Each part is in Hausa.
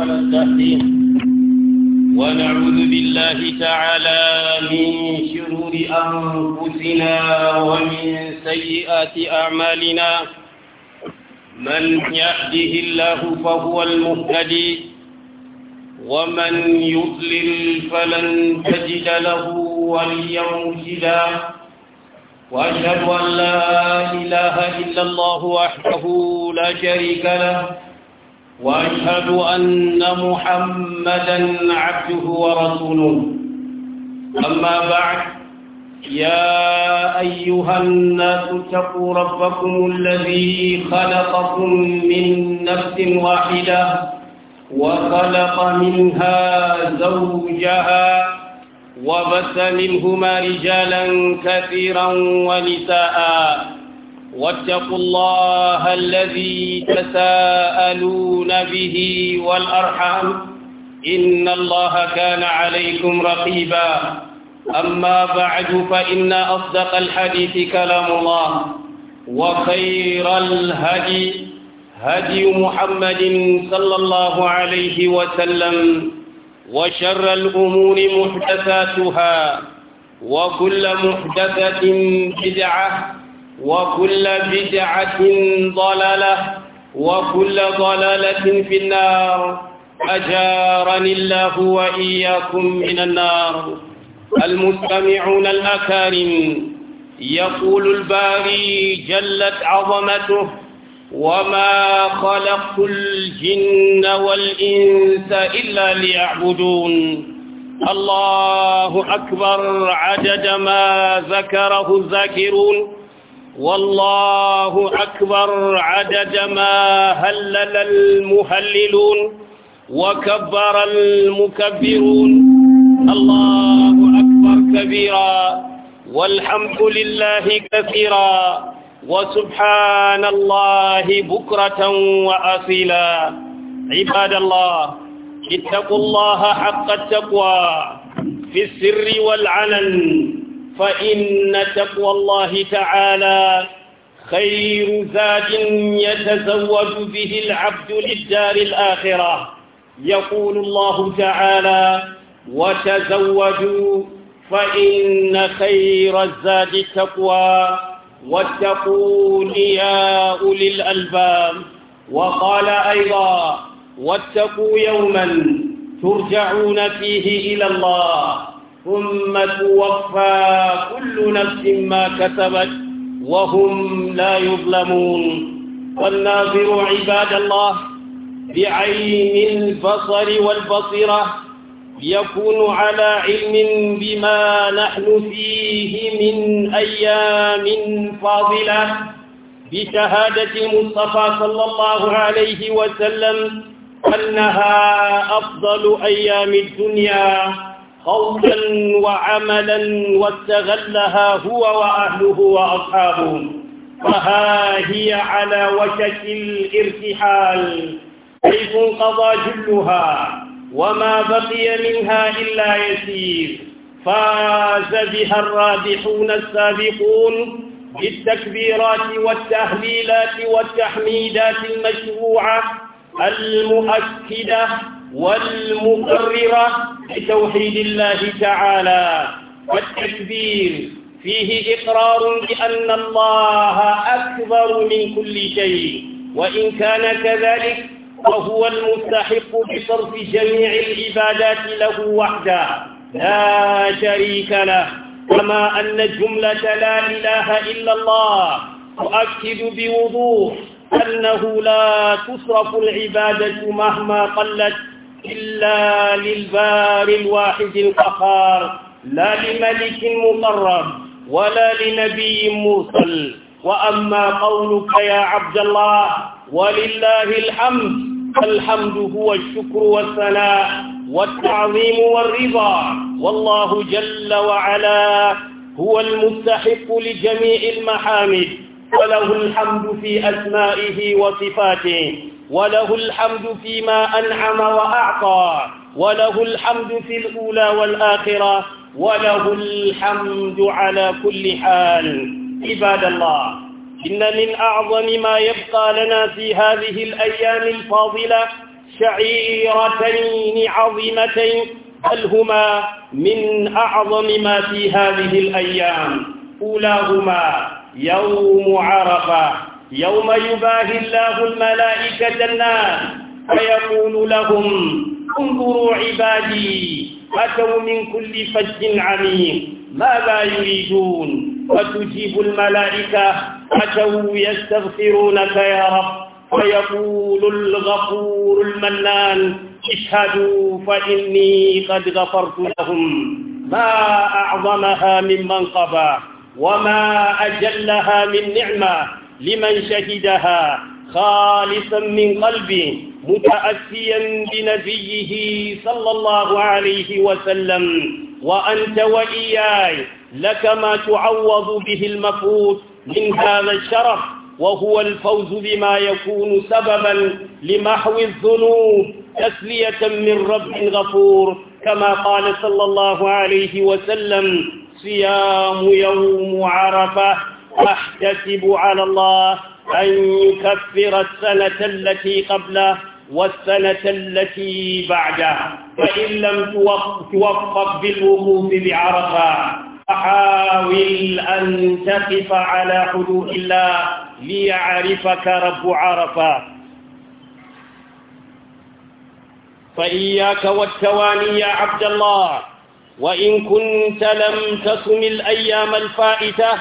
ونستهديه ونعوذ بالله تعالى من شرور أنفسنا ومن سيئات أعمالنا من يهده الله فهو المهتدي ومن يضلل فلن تجد له وليا مرشدا وأشهد أن لا إله إلا الله وحده لا شريك له وأشهد أن محمدا عبده ورسوله أما بعد يا أيها الناس اتقوا ربكم الذي خلقكم من نفس واحدة وخلق منها زوجها وبث منهما رجالا كثيرا ونساء واتقوا الله الذي تساءلون به والأرحام إن الله كان عليكم رقيبا أما بعد فإن أصدق الحديث كلام الله وخير الهدي هدي محمد صلى الله عليه وسلم وشر الأمور محدثاتها وكل محدثة بدعة وكل بدعة ضلالة وكل ضلالة في النار أجارني الله وإياكم من النار المستمعون الأكارم يقول الباري جلت عظمته وما خلقت الجن والإنس إلا ليعبدون الله أكبر عدد ما ذكره الذاكرون والله أكبر عدد ما هلل المهللون وكبر المكبرون الله أكبر كبيرا والحمد لله كثيرا وسبحان الله بكرة وأصيلا عباد الله اتقوا الله حق التقوى في السر والعلن فإن تقوى الله تعالى خير زاد يتزوج به العبد للدار الآخرة يقول الله تعالى وتزوجوا فإن خير الزاد التقوى واتقون يا أولي الألباب وقال أيضا واتقوا يوما ترجعون فيه إلى الله ثم توفى كل نفس ما كسبت وهم لا يظلمون والناظر عباد الله بعين البصر والبصرة يكون على علم بما نحن فيه من أيام فاضلة بشهادة المصطفى صلى الله عليه وسلم أنها أفضل أيام الدنيا قولا وعملا واستغلها هو وأهله وأصحابه فها هي على وشك الارتحال حيث انقضى جلها وما بقي منها إلا يسير فاز بها الرابحون السابقون بالتكبيرات والتهليلات والتحميدات المشروعة المؤكدة والمقررة لتوحيد الله تعالى والتكبير فيه إقرار بأن الله أكبر من كل شيء وإن كان كذلك فهو المستحق بصرف جميع العبادات له وحده لا شريك له كما أن جملة لا إله إلا الله تؤكد بوضوح أنه لا تصرف العبادة مهما قلت إلا للبار الواحد القهار لا لملك مقرب ولا لنبي مرسل وأما قولك يا عبد الله ولله الحمد الحمد هو الشكر والثناء والتعظيم والرضا والله جل وعلا هو المستحق لجميع المحامد وله الحمد في أسمائه وصفاته وله الحمد فيما أنعم وأعطى وله الحمد في الأولى والآخرة وله الحمد على كل حال عباد الله إن من أعظم ما يبقى لنا في هذه الأيام الفاضلة شعيرتين عظيمتين بل هما من أعظم ما في هذه الأيام أولاهما يوم عرفة يوم يباهي الله الملائكة الناس ويقول لهم انظروا عبادي أتوا من كل فج عميق ماذا يريدون وتجيب الملائكة أتوا يستغفرونك يا رب ويقول الغفور المنان اشهدوا فإني قد غفرت لهم ما أعظمها من منقبة وما أجلها من نعمة لمن شهدها خالصا من قلبه متأسيا بنبيه صلى الله عليه وسلم وأنت وإياي لك ما تعوض به المفروض من هذا الشرف وهو الفوز بما يكون سببا لمحو الذنوب تسلية من رب غفور كما قال صلى الله عليه وسلم صيام يوم عرفة أحتسب على الله أن يكفر السنة التي قبله والسنة التي بعده فإن لم توفق بالوقوف بعرفة فحاول أن تقف على حدود الله ليعرفك رب عرفة فإياك والتواني يا عبد الله وإن كنت لم تصم الأيام الفائتة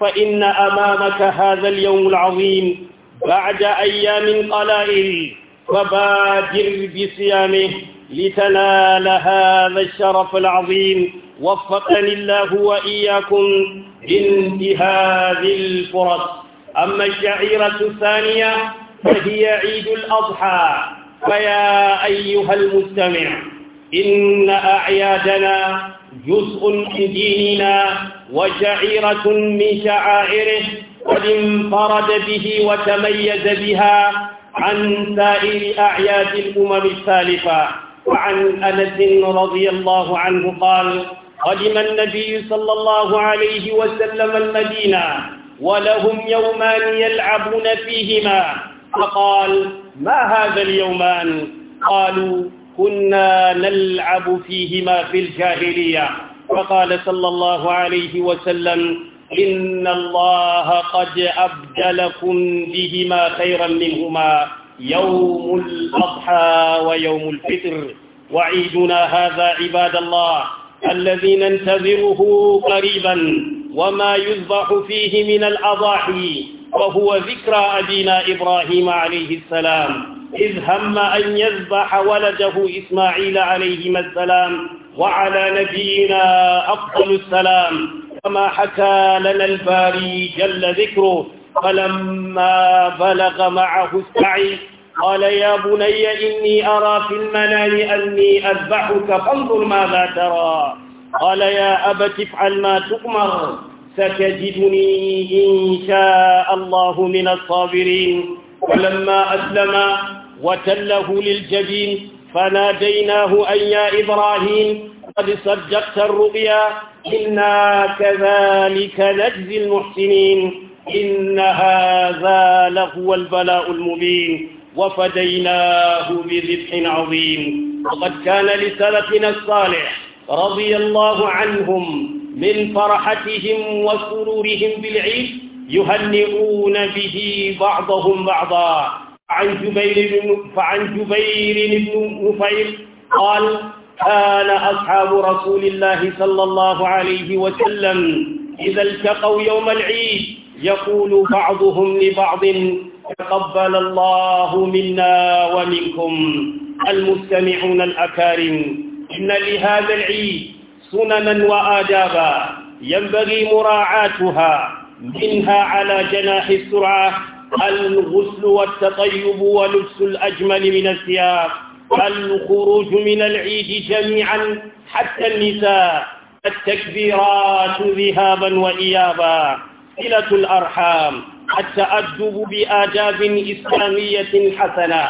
فإن أمامك هذا اليوم العظيم بعد أيام قلائل فبادر بصيامه لتنال هذا الشرف العظيم وفقني الله وإياكم لانتهاز الفرص أما الشعيرة الثانية فهي عيد الأضحى فيا أيها المستمع إن أعيادنا جزء من ديننا وشعيرة من شعائره قد انفرد به وتميز بها عن سائر أعياد الأمم السالفة وعن أنس رضي الله عنه قال قدم النبي صلى الله عليه وسلم المدينة ولهم يومان يلعبون فيهما فقال ما هذا اليومان قالوا كنا نلعب فيهما في الجاهلية فقال صلى الله عليه وسلم إن الله قد أبدلكم بهما خيرا منهما يوم الأضحى ويوم الفطر وعيدنا هذا عباد الله الذي ننتظره قريبا وما يذبح فيه من الأضاحي وهو ذكرى أبينا إبراهيم عليه السلام إذ هم أن يذبح ولده إسماعيل عليهما السلام وعلى نبينا أفضل السلام كما حكى لنا الباري جل ذكره فلما بلغ معه السعي قال يا بني إني أرى في المنام أني أذبحك فانظر ماذا ترى قال يا أبت افعل ما تؤمر ستجدني إن شاء الله من الصابرين ولما أسلم وتله للجبين فناديناه أن يا إبراهيم قد صدقت الرؤيا إنا كذلك نجزي المحسنين إن هذا لهو البلاء المبين وفديناه بذبح عظيم وقد كان لسلفنا الصالح رضي الله عنهم من فرحتهم وسرورهم بالعيد يهنئون به بعضهم بعضا عن جبير بن فعن جبير بن نفيل قال كان أصحاب رسول الله صلى الله عليه وسلم إذا التقوا يوم العيد يقول بعضهم لبعض تقبل الله منا ومنكم المستمعون الأكارم إن لهذا العيد سننا وآدابا ينبغي مراعاتها منها على جناح السرعة الغسل والتطيب ولبس الأجمل من الثياب الخروج من العيد جميعا حتى النساء التكبيرات ذهابا وإيابا صلة الأرحام التأدب بآداب إسلامية حسنة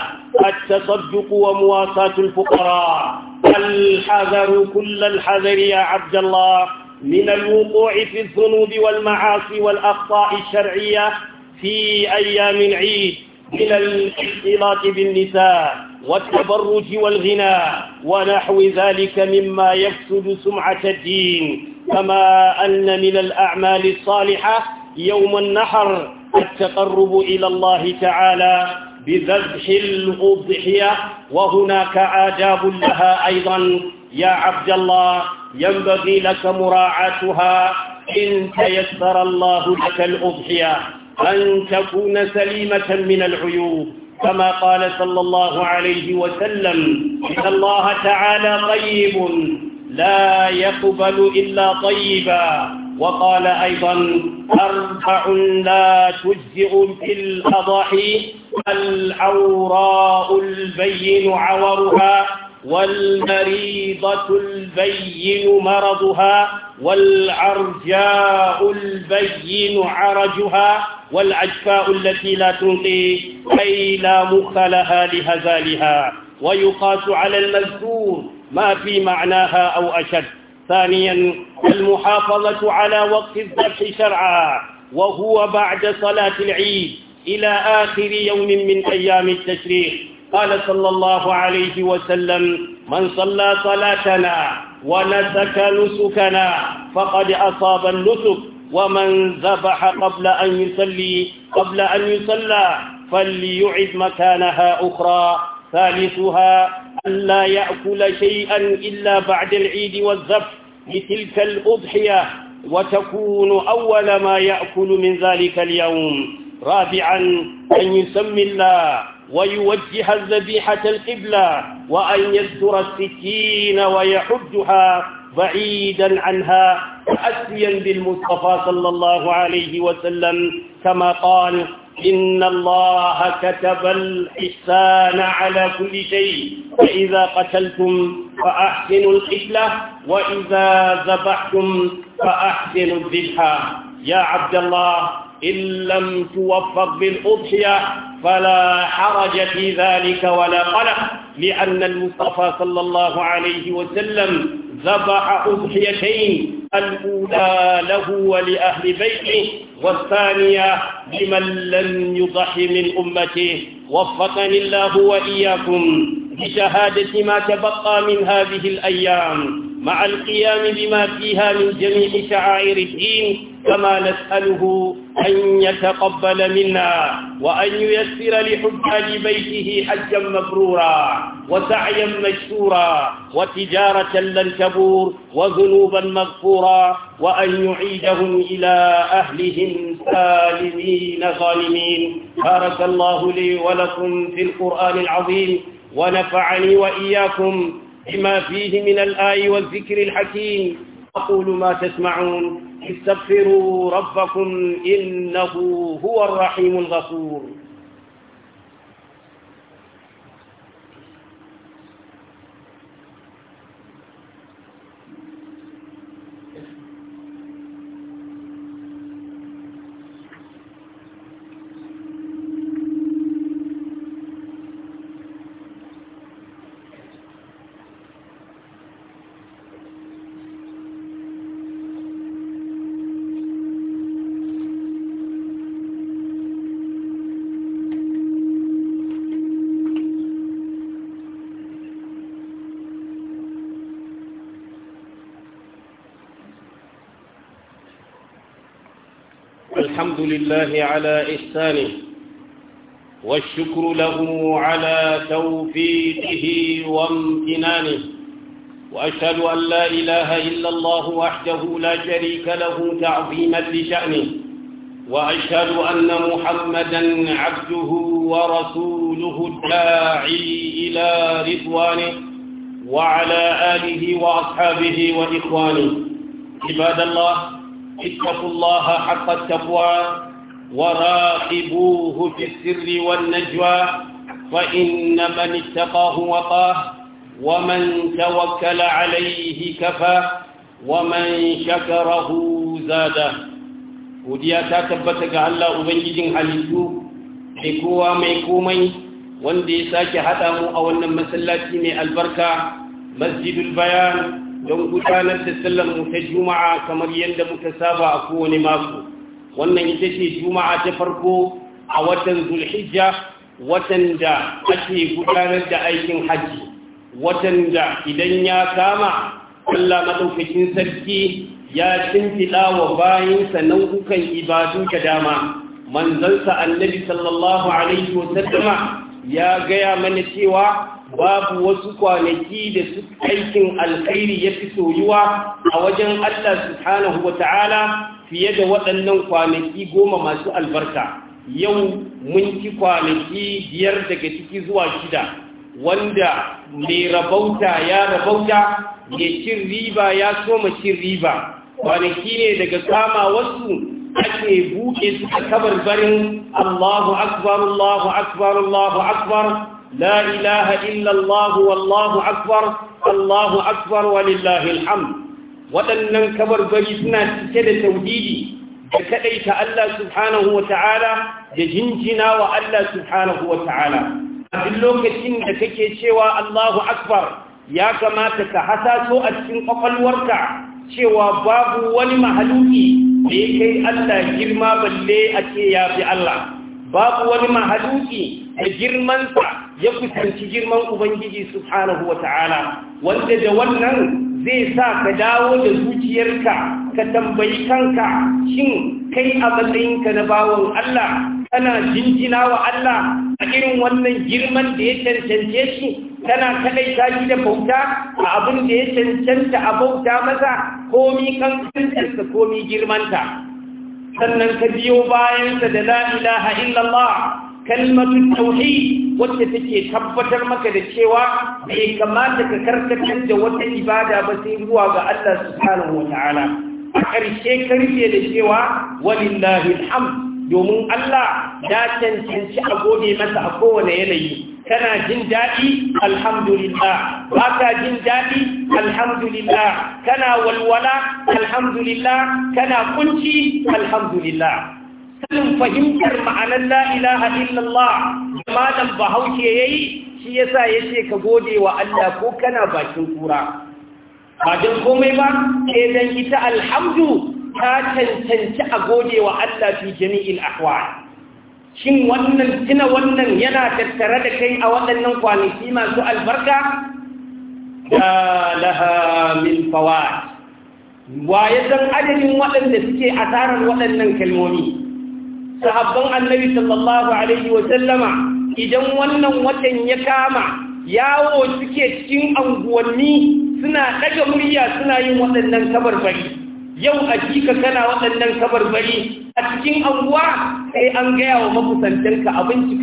التصدق ومواساة الفقراء الحذر كل الحذر يا عبد الله من الوقوع في الذنوب والمعاصي والأخطاء الشرعية في أيام العيد من الاختلاط بالنساء والتبرج والغناء ونحو ذلك مما يفسد سمعة الدين كما أن من الأعمال الصالحة يوم النحر التقرب إلى الله تعالى بذبح الأضحية وهناك آداب لها أيضا يا عبد الله ينبغي لك مراعاتها إن تيسر الله لك الأضحية أن تكون سليمة من العيوب كما قال صلى الله عليه وسلم إن الله تعالى طيب لا يقبل إلا طيبا وقال أيضا أربع لا تجزئ في الأضاحي العوراء البين عورها والمريضة البين مرضها والعرجاء البين عرجها والعجفاء التي لا تنقي أي لا مخ لها لهزالها ويقاس على المذكور ما في معناها أو أشد ثانيا المحافظة على وقت الذبح شرعا وهو بعد صلاة العيد إلى آخر يوم من أيام التشريق قال صلى الله عليه وسلم من صلى صلاتنا ونسك نسكنا فقد أصاب النسك ومن ذبح قبل أن يصلي قبل أن يصلى فليعد مكانها أخرى ثالثها ألا يأكل شيئا إلا بعد العيد والذبح بتلك الأضحية وتكون أول ما يأكل من ذلك اليوم رابعا أن يسمي الله ويوجه الذبيحة القبلة وأن يذكر السكين ويحجها بعيدا عنها أسيا بالمصطفى صلى الله عليه وسلم كما قال إن الله كتب الإحسان على كل شيء فإذا قتلتم فأحسنوا القتلة وإذا ذبحتم فأحسنوا الذبحة يا عبد الله إن لم توفق بالأضحية فلا حرج في ذلك ولا قلق لأن المصطفى صلى الله عليه وسلم ذبح أضحيتين الأولى له ولأهل بيته والثانية لمن لم يضح من أمته وفقني الله وإياكم بشهادة ما تبقى من هذه الأيام مع القيام بما فيها من جميع شعائر الدين كما نسأله أن يتقبل منا وأن ييسر لحجاج بيته حجا مبرورا وسعيا مشكورا وتجارة لن تبور وذنوبا مغفورا وأن يعيدهم إلى أهلهم سالمين غانمين بارك الله لي ولكم في القرآن العظيم ونفعني وإياكم بما فيه من الآي والذكر الحكيم أقول ما تسمعون استغفروا ربكم إنه هو الرحيم الغفور الحمد لله على إحسانه والشكر له على توفيقه وامتنانه وأشهد أن لا إله إلا الله وحده لا شريك له تعظيما لشأنه وأشهد أن محمدا عبده ورسوله الداعي إلى رضوانه وعلى آله وأصحابه وإخوانه عباد الله اتقوا الله حق التقوى وراقبوه في السر والنجوى فإن من اتقاه وقاه ومن توكل عليه كفى ومن شكره زاده وديا تثبت ga Allah ubangijin halittu mai kowa mai komai wanda ya sake hada mu a wannan masallaci mai albarka masjidul bayan don gudanar da sallar mu ta juma'a kamar yadda muka saba a kowane mako wannan ita ce juma'a ta farko a watan zulhijja watan da ake gudanar da aikin hajji watan da idan ya kama Allah maɗaukakin sarki ya shimfiɗa wa bayinsa nau'ukan ibadu da dama manzansa annabi sallallahu alaihi wasallama ya gaya mana cewa babu wasu kwanaki da su aikin alkhairi ya fi soyuwa a wajen Allah subhanahu wa ta'ala fiye da waɗannan kwanaki goma masu albarka yau mun ci kwanaki biyar daga ciki zuwa shida wanda mai rabauta ya rabauta mai cin riba ya soma cin riba kwanaki ne daga kama wasu ake buɗe su a kabar Allahu akbar Allahu akbar Allahu akbar لا إله إلا الله والله allahu الله أكبر ولله الحمد waɗannan kabarbari suna cike da tauhidi da kaɗaita Allah subhanahu wa da jinjinawa wa Allah subhanahu wa ta’ala. A duk lokacin da kake cewa Allahu Akbar ya kamata ka hasa so a cikin ƙwaƙwalwarka cewa babu wani mahaluki da ya kai Allah girma balle a yafi Allah. Babu wani mahaluki da girmansa ya kusanci girman ubangiji subhanahu ta'ala, wanda da wannan zai sa ka dawo da zuciyarka ka tambayi kanka shin kai a matsayinka na bawon Allah kana jinjina wa Allah a irin wannan girman da ya cancance shi tana kadai ta da bauta a abin da ya cancanta a bauta masa komi kankantarsa komi girmanta sannan ka biyo bayansa da la'ilaha illallah kalmatu tauhid wacce take tabbatar maka da cewa bai kamata ka karkatar da wata ibada ba sai zuwa ga Allah subhanahu wa ta'ala a ƙarshe karfe da cewa walillahi alhamd domin Allah ya cancanci a gode masa a kowane yanayi kana jin daɗi alhamdulillah ba ka jin daɗi alhamdulillah kana walwala alhamdulillah kana kunci alhamdulillah sanin fahimtar ma'anar la'ilaha illallah da malam bahaushe ya yi shi ya sa ya ce ka gode wa Allah ko kana bakin kura ba don komai ba sai don ita alhamdu ta cancanci a gode wa Allah fi jami'il ahwal shin wannan tuna wannan yana tattare da kai a waɗannan kwanaki masu albarka da laha min wa ya san adadin waɗanda suke asarar waɗannan kalmomi sahabban annabi sallallahu alaihi wa sallama idan wannan watan ya kama yawo suke cikin anguwanni suna daga murya suna yin waɗannan kabarbari yau a jika kana waɗannan kabarbari a cikin anguwa sai an gaya wa makusantanka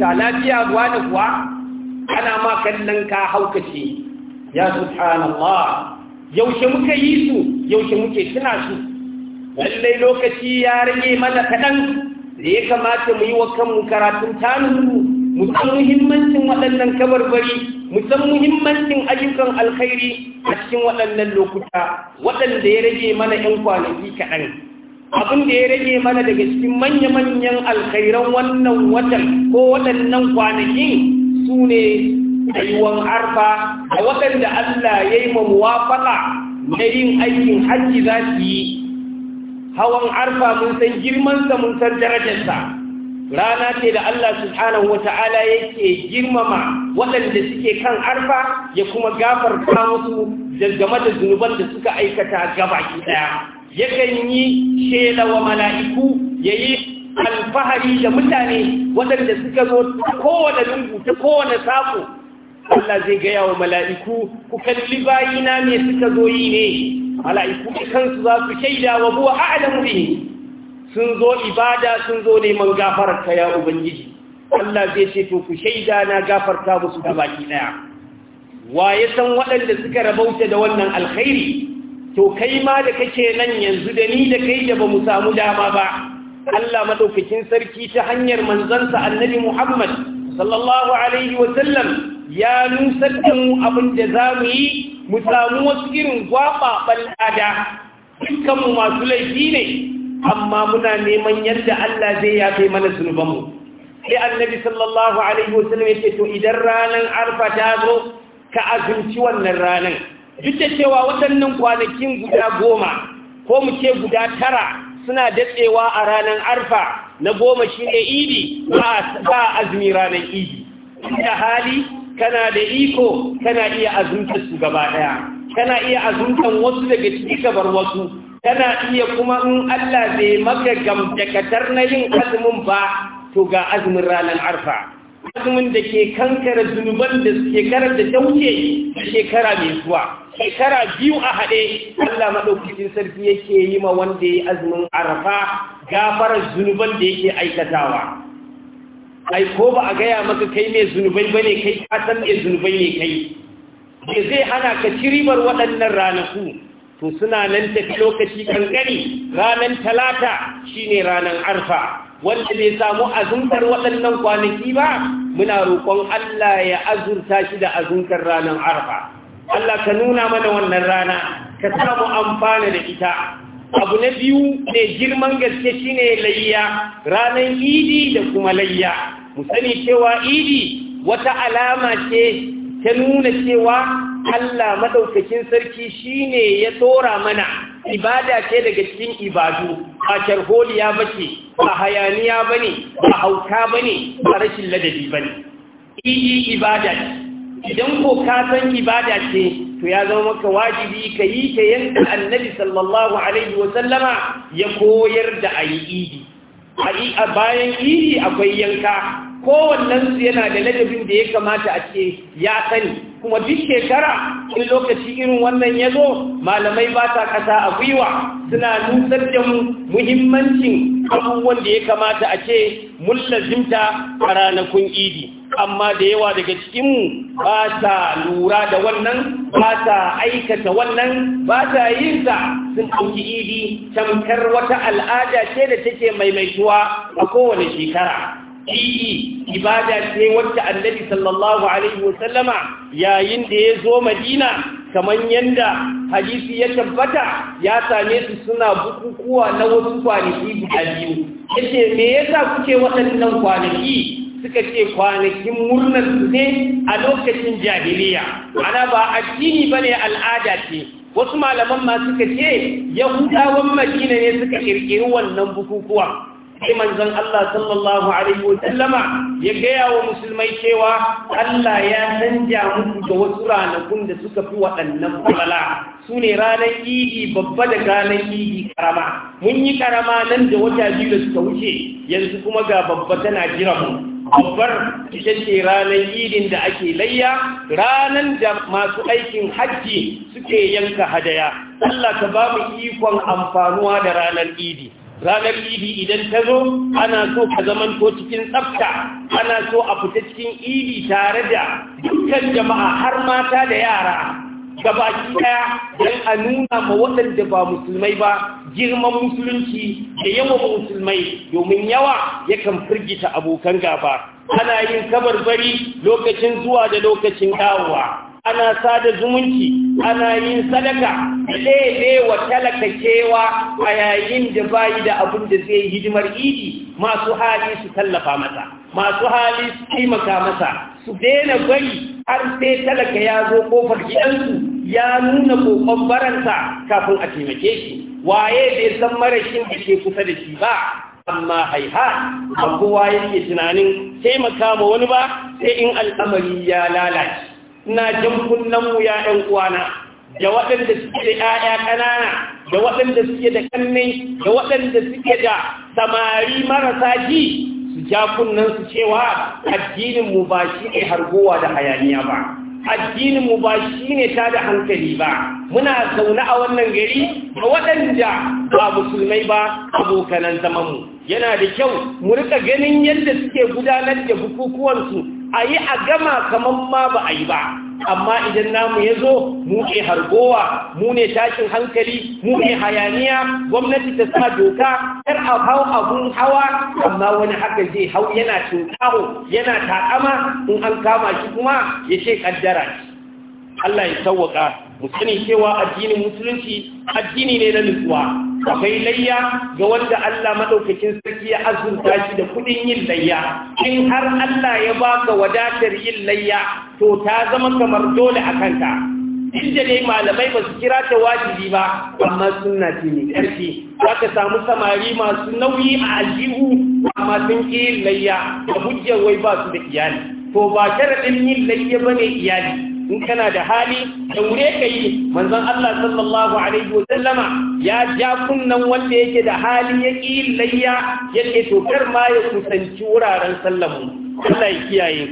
ka lafiya ruwa da kuwa ana ma kallon ka haukace ya subhanallah yaushe muka yi su yaushe muke tuna su lallai lokaci ya rage mana kaɗan da ya kamata mu yi wa kanmu karatun tanuhu, mu san muhimmancin waɗannan kabarbari mu san muhimmancin ayyukan alkhairi a cikin waɗannan lokuta waɗanda ya rage mana 'yan kwanaki kaɗan abin da ya rage mana daga cikin manya-manyan alkhairan wannan watan ko waɗannan kwanaki su ne tsayuwan arfa a waɗanda Allah ya yi mamuwa faɗa, na yin aikin hajji za su yi hawan arfa mun san girmansa mun san darajarsa rana ce da Allah subhanahu wa ta'ala yake girmama waɗanda suke kan arfa ya kuma gafarta musu dangane da zunuban da suka aikata gabaki ɗaya yakan yi shela wa mala'iku ya yi alfahari da mutane waɗanda suka zo ta kowane lungu ta kowane sako Allah zai gaya wa mala'iku ku kalli bayina ne suka zo yi ne mala'iku kansu za su shaida wa buwa a'lamu bihi sun zo ibada sun zo neman gafararka ya ubangiji Allah zai ce to ku shaida na gafarta musu da baki daya wa ya san waɗanda suka rabauta da wannan alkhairi to kai ma da kake nan yanzu da ni da kai da bamu samu dama ba Allah madaukakin sarki ta hanyar manzansa annabi Muhammad sallallahu alaihi wa sallam ya nusar da mu abin da za mu yi mu samu wasu irin gwaɓaɓen lada dukkanmu masu laifi ne amma muna neman yadda Allah zai yafe mana zunubanmu sai annabi sallallahu alaihi wasallam yake to idan ranar arfa ta zo ka azumci wannan ranar duk da cewa waɗannan kwanakin guda goma ko mu ce guda tara suna datsewa a ranar arfa na goma shi ne idi ba azumi ranar idi da hali kana da iko kana iya azumta su gaba daya kana iya azumtan wasu daga ciki gabar wasu kana iya kuma in Allah bai maka gamdakatar na yin azumin ba to ga azumin ranar arfa azumin da ke kankara zunuban da shekarar da dauke shekara mai zuwa shekara biyu a haɗe Allah maɗaukacin sarki yake yi ma wanda ya yi azumin arfa gafarar zunuban da yake aikatawa ai ko ba a gaya maka kai mai zunubai bane kai ka san mai zunubai ne kai da zai hana ka ci waɗannan ranaku to suna nan tafi lokaci kankani ranan talata shine ranan arfa wanda bai samu azumtar waɗannan kwanaki ba muna roƙon Allah ya azurta shi da azumtar ranan arfa Allah ka nuna mana wannan rana ka samu amfana da ita abu na biyu ne girman gaske shine layya ranar idi da kuma layya mu sani cewa idi wata alama ce ta nuna cewa Allah madaukakin sarki shine ya tsora mana ibada ce daga cikin ibadu ba sharholiya bace ba hayaniya bane ba hauka bane ba rashin ladabi ba ne. idi ibada ce idan ko ka san ibada ce to ya zama maka wajibi ka yi ta yadda annabi sallallahu alaihi wasallama ya koyar da a yi idi a bayan idi akwai yanka Kowannensu yana da ladabin da ya kamata a ce ya sani kuma duk shekara in lokaci irin wannan ya zo malamai ba sa kasa a gwiwa suna nutsar da muhimmancin abubuwan da ya kamata a ce mun a ranakun idi amma da yawa daga cikinmu ba sa lura da wannan ba sa aikata wannan ba sa yin sa sun ɗauki idi tamkar wata al'ada ce da take maimaituwa a kowane shekara yi ibada ce wacce annabi sallallahu alaihi wasallama yayin da ya zo madina kamar yadda hadisi ya tabbata ya same su suna bukukuwa na wasu kwanaki guda biyu yace me yasa kuke waɗannan kwanaki suka ce kwanakin murnar su ne a lokacin jahiliya ana ba addini bane al'ada ce wasu malaman ma suka ce yahudawan madina ne suka kirkiri wannan bukukuwa sai manzon Allah sallallahu alaihi wasallama ya gaya wa musulmai cewa Allah ya canja muku da wasu ranakun da suka fi waɗannan falala su ne ranar idi babba da ranar idi karama mun yi karama nan da wata biyu da suka wuce yanzu kuma ga babba tana jira mu babbar ita ce ranar idin da ake layya ranar da masu aikin hajji suke yanka hadaya Allah ka ba mu ikon amfanuwa da ranar idi ranar idi idan ta zo ana so ka zamanto cikin tsafta ana so a fita cikin idi tare da dukkan jama'a har mata da yara gabaki daya don a nuna ma waɗanda ba musulmai ba girman musulunci da yawan musulmai domin yawa yakan firgita abokan gaba ana yin kabar bari lokacin zuwa da lokacin dawowa ana sada zumunci ana yin sadaka lele wa talaka kewa a yayin da bayi da abin da zai hidimar idi masu hali su tallafa masa masu hali su taimaka masa su daina bari har sai talaka ya zo kofar gidansu ya nuna kokon baransa kafin a taimake shi waye bai san mara marashin da ke kusa da shi ba amma haiha ba yake tunanin taimaka ma wani ba sai in al'amari ya lalace ina jan kunnanmu ya ɗan uwana da waɗanda suke da ‘ya'ya ƙanana da waɗanda suke da ƙanne da waɗanda suke da samari marasa ji su ja kunnansu cewa addininmu ba shi ne hargowa da hayaniya ba addininmu ba shi ne ta da hankali ba muna zaune a wannan gari da waɗanda ba musulmai ba abokanan mu. yana da kyau mu rika ganin yadda suke gudanar da bukukuwansu a yi a gama kamar ma ba a yi ba amma idan namu ya zo mu hargowa mu ne tashin hankali mu ne hayaniya gwamnati ta sa doka Yar a hau abun hawa amma wani haka zai hau yana tunkaho yana takama in an kama shi kuma ya ce kaddara Allah ya sauwaka mu sani cewa addinin musulunci addini ne na nutsuwa akwai layya ga wanda Allah madaukakin sarki ya azurta shi da kudin yin layya in har Allah ya baka wadatar yin layya to ta zama kamar dole a kanta? inda ne malamai ba su kira ta wajibi ba amma sunna ce ne ƙarfi za ka samu samari masu nauyi a aljihu amma sun ƙi yin layya da hujjar wai ba su da iyali to ba sharaɗin yin layya ba ne iyali in kana da hali wure ka yi manzon Allah sallallahu alaihi wa sallama ya ja kunnan wanda yake da hali ya ƙi layya yake to kar ma ya kusanci wuraren sallamu Allah ya kiyaye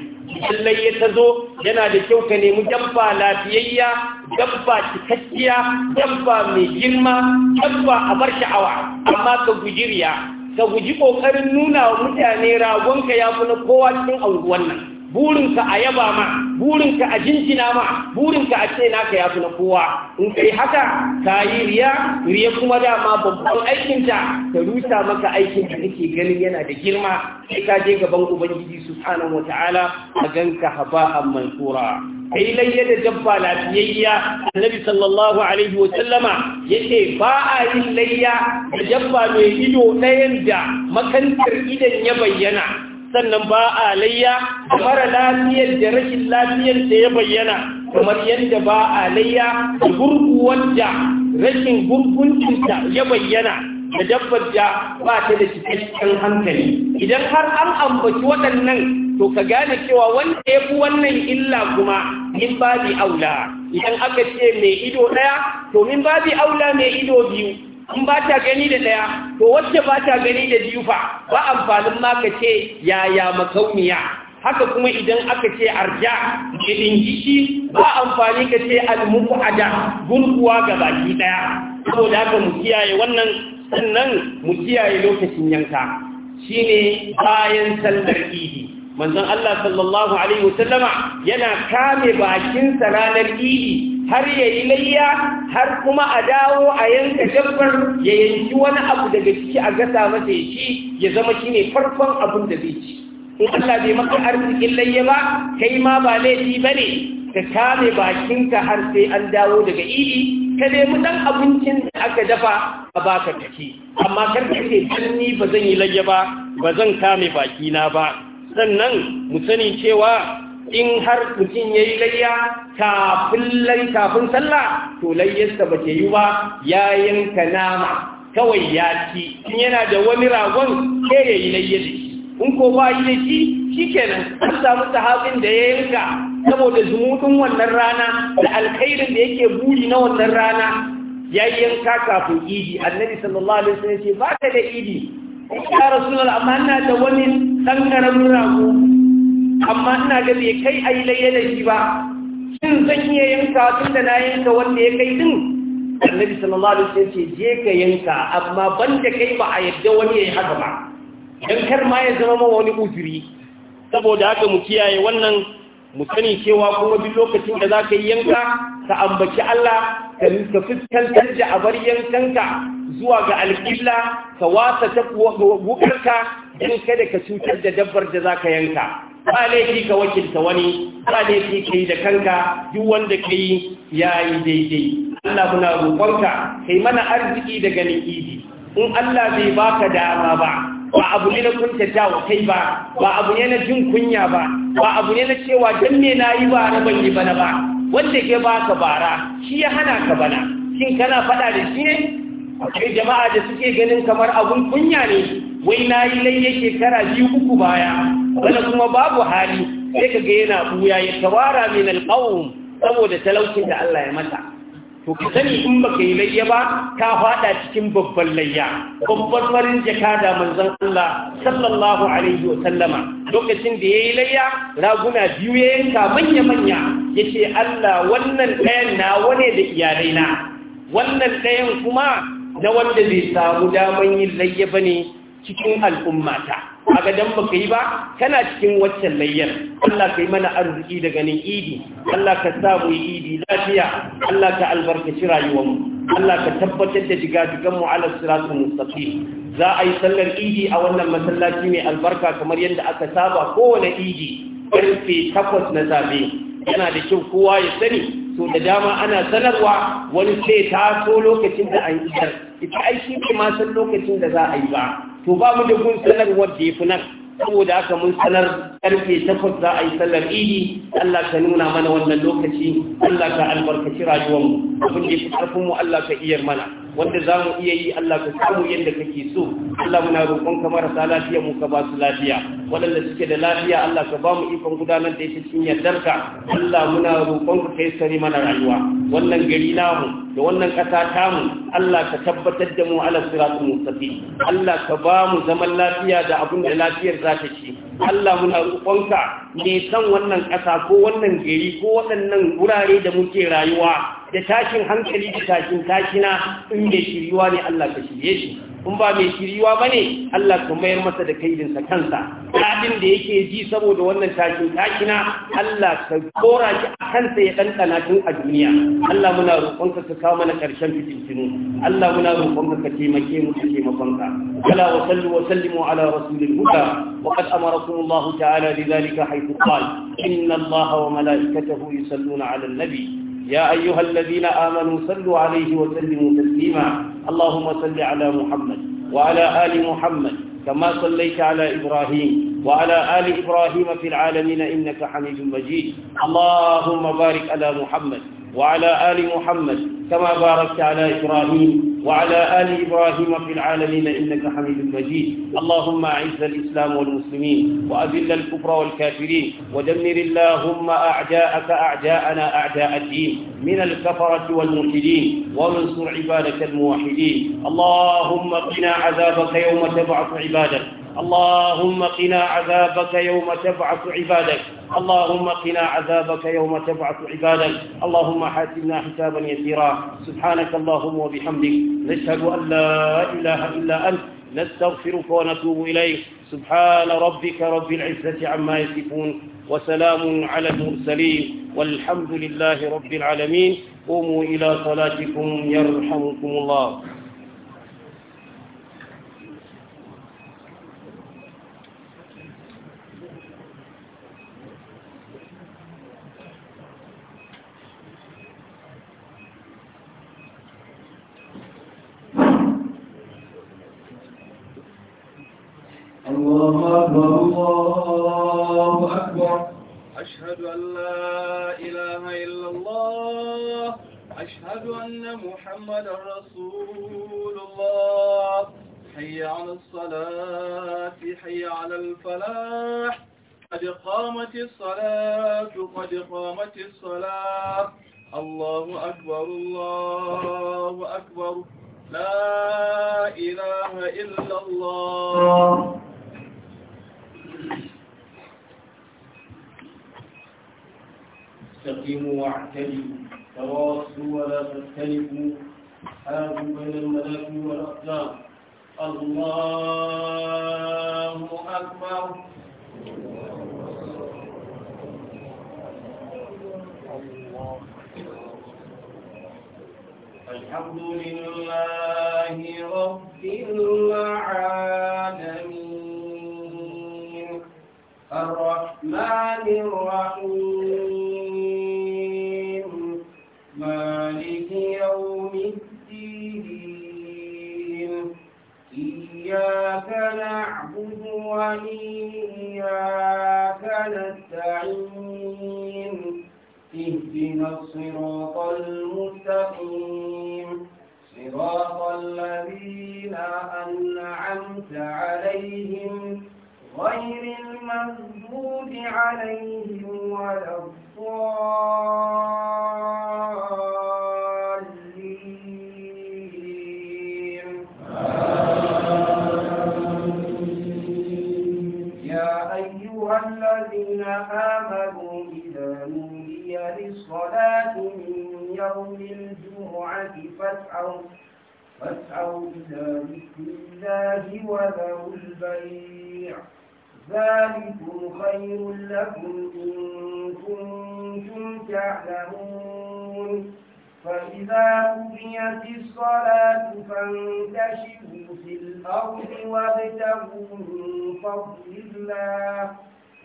lallai ya ta zo yana da kyau ka nemi dabba lafiyayya dabba cikakkiya dabba mai girma dabba a bar sha'awa amma ka guji riya ka guji ƙoƙarin nuna wa mutane ragonka ya fi na kowa cikin anguwan nan burinka a yaba ma burinka a jinjina ma burinka a ce naka yafi na kowa in kai haka ka yi riya riya kuma dama babban aikinta ta rusa maka aikin da kake ganin yana da girma sai ka je gaban ubangiji subhanahu wataala a ganka haba'an mansura kai layya da dabba lafiyayya annabi sallallahu alaihi wa sallama yace ba a yin layya da dabba mai ido ɗayan da makantar idan ya bayyana sannan ba a layya mara lafiyar da rashin lafiyar da ya bayyana kamar yadda ba a layya da gurguwar da rashin gurguncinta ya bayyana da dabbar da ba ta da cikakken hankali idan har an ambaci waɗannan to ka gane cewa wanda ya fi wannan illa kuma min bi aula idan aka ce mai ido ɗaya to min bi aula mai ido biyu in ba ta gani da ɗaya to wacce ba ta gani da biyu fa ba amfanin ma ka ce yaya makauniya haka kuma idan aka ce arja idin gishi ba amfani ka ce almuku ada gurguwa ga baki ɗaya saboda haka mu kiyaye wannan sannan mu kiyaye lokacin yanka shine bayan sallar idi manzon Allah sallallahu alaihi wasallama yana kame bakin sa ranar idi har yayi layya har kuma a dawo a yanka dabbar ya yanki wani abu daga ciki a gasa masa ya ci ya zama shine farkon abin da zai ci in Allah bai maka arzikin layya ba kai ma ba laifi bane ka kame bakinka har sai an dawo daga idi ka nemi dan abincin da aka dafa a baka kake amma kar ka ce ni ba zan yi layya ba ba zan kame bakina ba sannan mu sani cewa in har mutum ya yi layya kafin sallah to layyarsa ba ke yi ba ya yanka nama kawai ya ci in yana da wani ragon ke ya yi layya da shi in ko ba yi da shi shi kenan an samu sahabin da ya yanka saboda zumutun wannan rana da alkhairin da yake buri na wannan rana ya yanka kafin idi annabi sallallahu alaihi wasallam ce ba ka da idi ya rasulullah amma ina da wani dan karamin rago amma ina ga bai kai a yi layya da shi ba shin zan iya yanka tun da na yanka wanda ya kai din annabi sallallahu alaihi ce je ka yanka amma ban banda kai ba a yadda wani ya yi haka ba dan kar ma ya zama ma wani uzuri saboda haka mu kiyaye wannan mu sani cewa kuma duk lokacin da za ka yi yanka ka ambaci Allah ka fuskantar da abar yankanka zuwa ga alƙilla ka wasa ta wukarka don kada ka cutar da dabbar da za ka yanka ba laifi ka wakilta wani ba laifi ka yi da kanka duk wanda ka yi ya yi daidai Allah muna roƙonka kai mana arziki daga ni'idi in Allah bai baka dama ba ba abu ne na kuntatawa kai ba ba abu ne na jin kunya ba ba abu ne na cewa dan me na yi ba na ban yi bana ba wanda ke baka bara shi ya hana ka bana shin kana faɗa da shi ne akwai jama'a da suke ganin kamar abun kunya ne wai na yi layya shekara biyu uku baya wani kuma babu hali sai ka ga yana buya ya tawara min alqawm saboda talaucin da Allah ya mata to ka sani in baka yi layya ba ka fada cikin babban layya babban farin jaka da manzon Allah sallallahu alaihi wa sallama lokacin da yayi layya raguna biyu ya yanka manya manya yace Allah wannan ɗayan na wane da iyalaina wannan ɗayan kuma na wanda bai samu daman yin layya ba ne cikin al'ummata a gadon baka yi ba kana cikin waccan layyar Allah ka yi mana arziki da ganin idi Allah ka sa mu yi idi lafiya Allah ka albarkaci rayuwarmu Allah ka tabbatar da jigajiganmu ala siratul mustaqim za a yi sallar idi a wannan masallaci mai albarka kamar yadda aka saba kowane idi karfe takwas na safe yana da kyau kowa ya sani so da dama ana sanarwa wani sai ta so lokacin da an idar ita ai shi bai ma san lokacin da za a yi ba to ba mu da gun sanarwar da ya fi nan saboda haka mun sanar karfe takwas za a yi sallar idi Allah ka nuna mana wannan lokaci Allah ka albarkaci rayuwarmu abin da ya fi mu Allah ka iyar mana wanda za mu iya yi Allah ka samu yadda kake so Allah muna roƙon ka marasa lafiya mu ka ba su lafiya waɗanda suke da lafiya Allah ka ba mu ikon gudanar da ita cikin yardarka Allah muna roƙon ka kai sani mana rayuwa wannan gari namu da wannan ƙasa tamu Allah ka tabbatar da mu ala siratul mustaqim Allah ka ba mu zaman lafiya da abun da lafiyar za ta ci Allah muna roƙonka ne san wannan ƙasa ko wannan gari ko waɗannan wurare da muke rayuwa da tashin hankali da tashin tashina in mai shiriwa ne Allah ka shirye shi in ba mai shiriwa ba ne Allah ka mayar masa da kaidinsa kansa daɗin da yake ji saboda wannan tashin tashina Allah ka kora shi a kansa ya ɗanɗana tun a duniya Allah muna roƙonka ka kawo mana ƙarshen fitintinu Allah muna roƙonka ka taimake mu ka taimakonka ala wa sallu wa sallimu ala rasulil huda wa qad amarakum Allah ta'ala bi dhalika haythu qala inna Allah wa malaikatahu yusalluna ala an-nabi يا أيها الذين آمنوا صلوا عليه وسلموا تسليما اللهم صل على محمد وعلى آل محمد كما صليت على إبراهيم وعلى آل إبراهيم في العالمين إنك حميد مجيد اللهم بارك على محمد وعلى آل محمد كما باركت على إبراهيم وعلى آل إبراهيم في العالمين إنك حميد مجيد اللهم أعز الإسلام والمسلمين وأذل الكفر والكافرين ودمر اللهم أعداءك أعداءنا أعداء الدين من الكفرة والمرشدين وانصر عبادك الموحدين اللهم قنا عذابك يوم تبعث عبادك اللهم قنا عذابك يوم تبعث عبادك اللهم قنا عذابك يوم تبعث عبادك اللهم حاسبنا حسابا يسيرا سبحانك اللهم وبحمدك نشهد أن لا إله إلا أنت نستغفرك ونتوب إليك سبحان ربك رب العزة عما يصفون وسلام على المرسلين والحمد لله رب العالمين قوموا إلى صلاتكم يرحمكم الله أكبر الله أكبر أشهد أن لا إله إلا الله أشهد أن محمد رسول الله حي على الصلاة حي على الفلاح قد قامت الصلاة قد قامت الصلاة الله أكبر الله أكبر لا إله إلا الله استقيموا واعتدلوا تواصلوا ولا تختلفوا حاذوا بين الملاك والأقدام الله أكبر الحمد لله رب العالمين الرحمن الرحيم إياك نعبد وإياك نستعين اهدنا الصراط المستقيم صراط الذين أنعمت عليهم غير المغضوب عليهم ولا الضالين فاسعوا فاسعوا إلى ذكر الله وذروا البيع ذلكم خير لكم إن كنتم تعلمون فإذا قضيت الصلاة فانتشروا في الأرض وابتغوا من فضل الله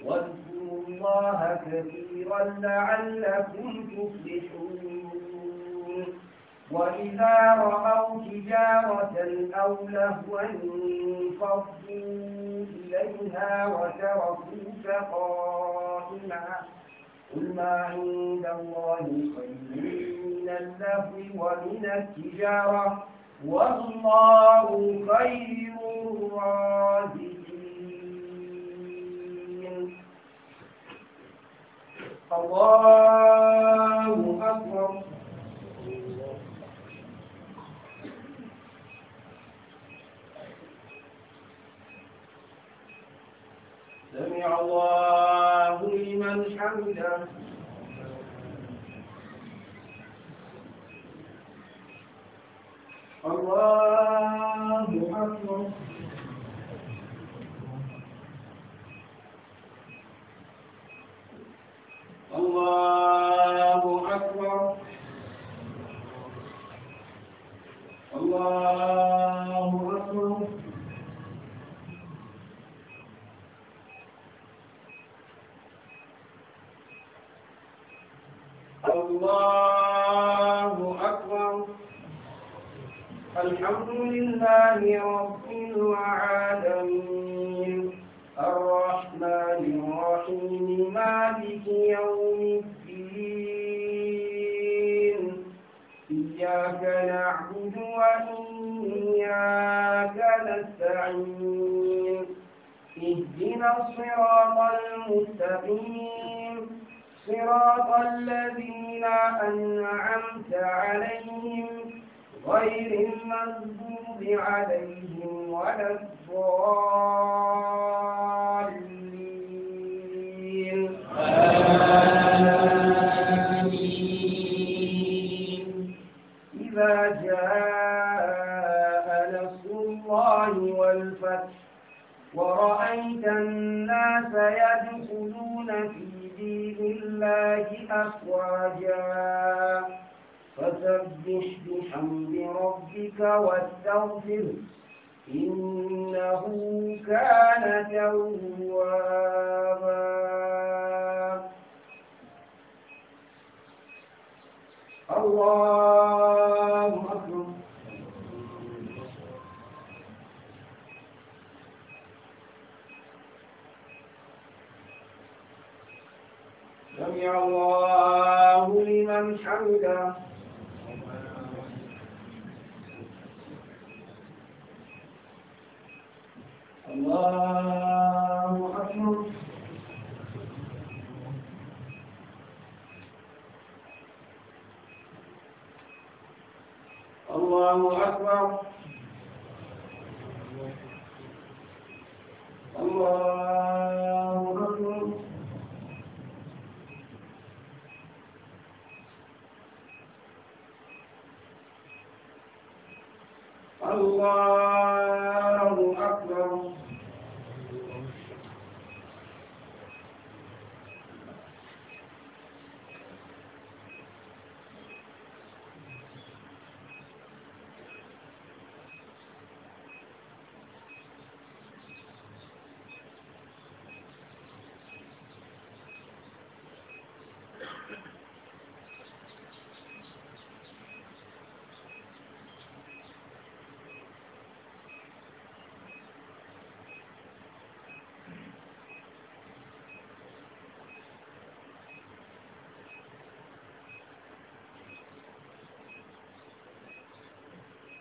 واذكروا الله كثيرا لعلكم تفلحون وإذا رأوا تجارة أو لهوا انفضوا إليها وتركوك قائما قل ما عند الله خير من اللهو ومن التجارة والله خير الرازقين الله أكبر سمع الله لمن حمده الله أكبر الله أكبر الله أكبر الله أكبر الحمد لله رب العالمين الرحمن الرحيم مالك يوم الدين إياك نعبد وإياك نستعين اهدنا الصراط المستقيم صراط الذين أنعمت عليهم غير المغضوب عليهم ولا الضالين إذا جاء نصر الله والفتح ورأيت الناس يدخلون في دين الله أفواجا فسبح بحمد ربك واستغفر إنه كان توابا الله سمع الله لمن حمده الله أكبر الله أكبر الله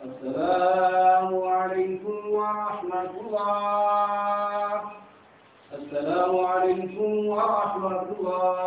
السلام عليكم ورحمة الله السلام عليكم ورحمة الله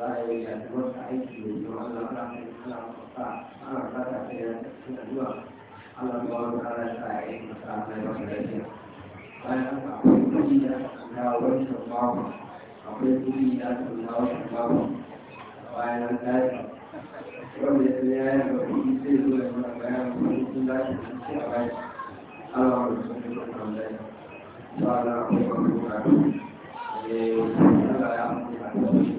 ba a yi da aiki mai kyau Allah yi yi ya ya yi a bayan Allah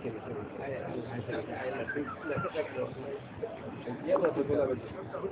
ya ba